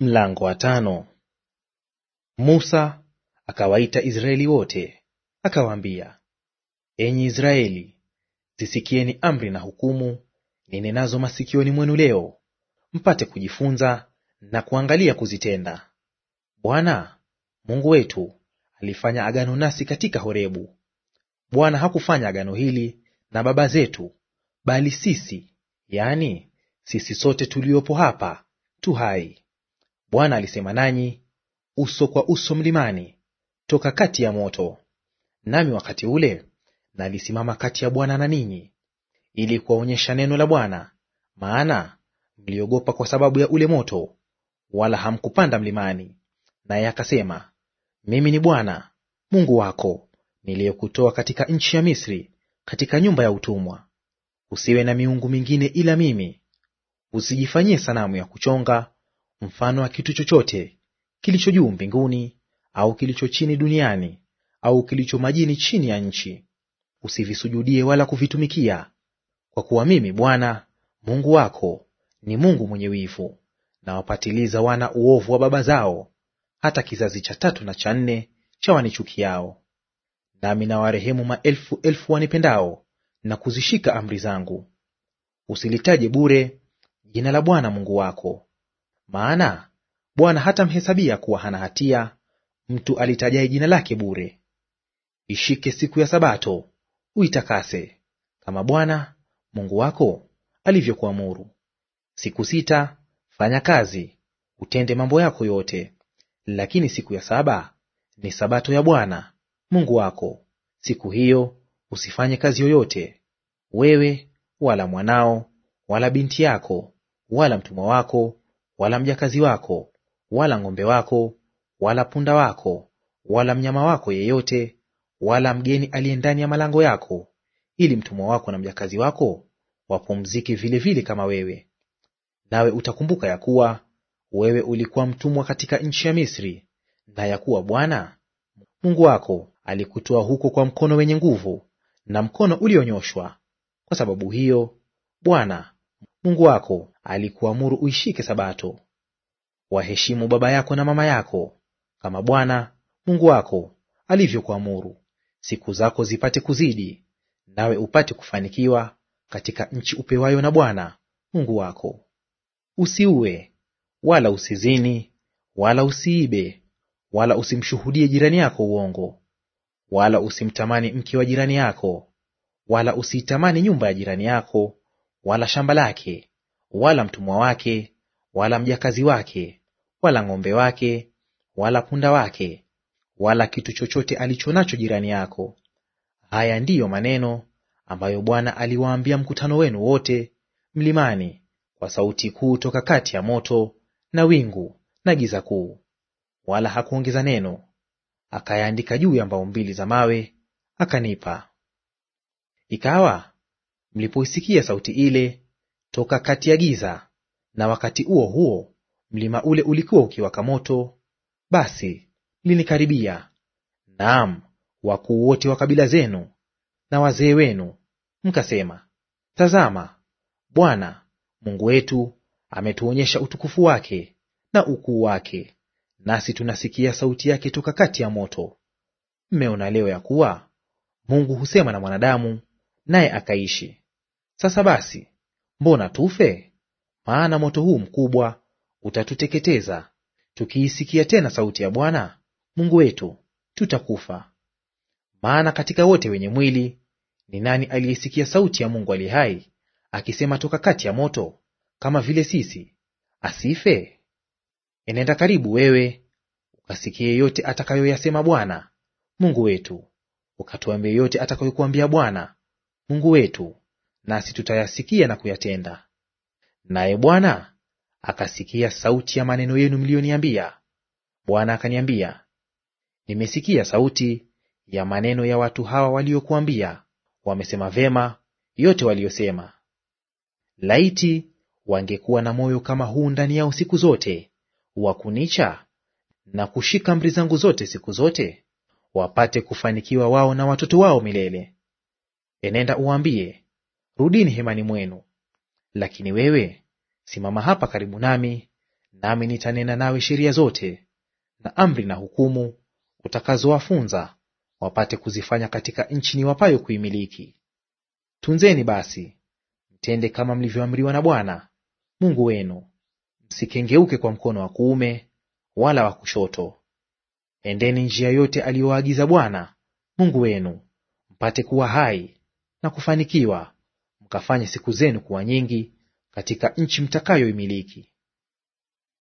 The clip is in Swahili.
Mlango wa tano. Musa akawaita Israeli wote akawaambia, enyi Israeli, zisikieni amri na hukumu nazo masikioni mwenu leo, mpate kujifunza na kuangalia kuzitenda. Bwana Mungu wetu alifanya agano nasi katika Horebu. Bwana hakufanya agano hili na baba zetu, bali sisi, yaani sisi sote tuliopo hapa tu hai Bwana alisema nanyi uso kwa uso mlimani toka kati ya moto. Nami wakati ule nalisimama kati ya Bwana na ninyi, ili kuwaonyesha neno la Bwana, maana mliogopa kwa sababu ya ule moto, wala hamkupanda mlimani. Naye akasema, mimi ni Bwana Mungu wako niliyekutoa katika nchi ya Misri, katika nyumba ya utumwa. Usiwe na miungu mingine ila mimi, usijifanyie sanamu ya kuchonga mfano wa kitu chochote kilicho juu mbinguni au kilicho chini duniani au kilicho majini chini ya nchi. Usivisujudie wala kuvitumikia, kwa kuwa mimi Bwana Mungu wako ni Mungu mwenye wivu, na wapatiliza wana uovu wa baba zao hata kizazi cha tatu na cha nne cha wanichukiao. Nami nawarehemu maelfu elfu wanipendao na kuzishika amri zangu. Usilitaje bure jina la Bwana Mungu wako, maana Bwana hatamhesabia kuwa hana hatia mtu alitajaye jina lake bure. Ishike siku ya Sabato uitakase, kama Bwana Mungu wako alivyokuamuru. Siku sita fanya kazi, utende mambo yako yote, lakini siku ya saba ni Sabato ya Bwana Mungu wako. Siku hiyo usifanye kazi yoyote, wewe wala mwanao wala binti yako wala mtumwa wako wala mjakazi wako, wala ng'ombe wako, wala punda wako, wala mnyama wako yeyote, wala mgeni aliye ndani ya malango yako, ili mtumwa wako na mjakazi wako wapumzike vilevile kama wewe. Nawe utakumbuka ya kuwa wewe ulikuwa mtumwa katika nchi ya Misri, na ya kuwa Bwana Mungu wako alikutoa huko kwa mkono wenye nguvu na mkono ulionyoshwa. Kwa sababu hiyo, Bwana Mungu wako alikuamuru uishike Sabato. Waheshimu baba yako na mama yako, kama Bwana Mungu wako alivyokuamuru, siku zako zipate kuzidi, nawe upate kufanikiwa katika nchi upewayo na Bwana Mungu wako. Usiue wala usizini wala usiibe wala usimshuhudie jirani yako uongo, wala usimtamani mke wa jirani yako, wala usiitamani nyumba ya jirani yako, wala shamba lake, wala mtumwa wake, wala mjakazi wake, wala ng'ombe wake, wala punda wake, wala kitu chochote alicho nacho jirani yako. Haya ndiyo maneno ambayo Bwana aliwaambia mkutano wenu wote mlimani kwa sauti kuu toka kati ya moto na wingu na giza kuu. Wala hakuongeza neno, akayaandika juu ya mbao mbili za mawe, akanipa. Ikawa mlipoisikia sauti ile toka kati ya giza, na wakati huo huo mlima ule ulikuwa ukiwaka moto, basi linikaribia, naam, wakuu wote wa kabila zenu na wazee wenu, mkasema, Tazama, Bwana Mungu wetu ametuonyesha utukufu wake na ukuu wake, nasi tunasikia sauti yake toka kati ya moto. Mmeona leo ya kuwa Mungu husema na mwanadamu naye akaishi. Sasa basi, mbona tufe? Maana moto huu mkubwa utatuteketeza. Tukiisikia tena sauti ya Bwana Mungu wetu, tutakufa. Maana katika wote wenye mwili ni nani aliyesikia sauti ya Mungu aliye hai akisema toka kati ya moto, kama vile sisi, asife? Enenda karibu wewe ukasikie yote atakayoyasema Bwana Mungu wetu, ukatuambie yote atakayokuambia Bwana Mungu wetu, nasi tutayasikia na kuyatenda. Naye Bwana akasikia sauti ya maneno yenu mliyoniambia. Bwana akaniambia, nimesikia sauti ya maneno ya watu hawa waliokuambia, wamesema vema yote waliyosema. Laiti wangekuwa na moyo kama huu ndani yao siku zote, wa kunicha na kushika amri zangu zote siku zote, wapate kufanikiwa wao na watoto wao milele enenda uambie, rudini hemani mwenu. Lakini wewe simama hapa karibu nami, nami nitanena nawe sheria zote na amri na hukumu utakazowafunza wapate kuzifanya katika nchi wapayo kuimiliki. Tunzeni basi mtende kama mlivyoamriwa na Bwana Mungu wenu, msikengeuke kwa mkono wa kuume wala wa kushoto. Endeni njia yote aliyowaagiza Bwana Mungu wenu, mpate kuwa hai na kufanikiwa, mkafanye siku zenu kuwa nyingi katika nchi mtakayoimiliki.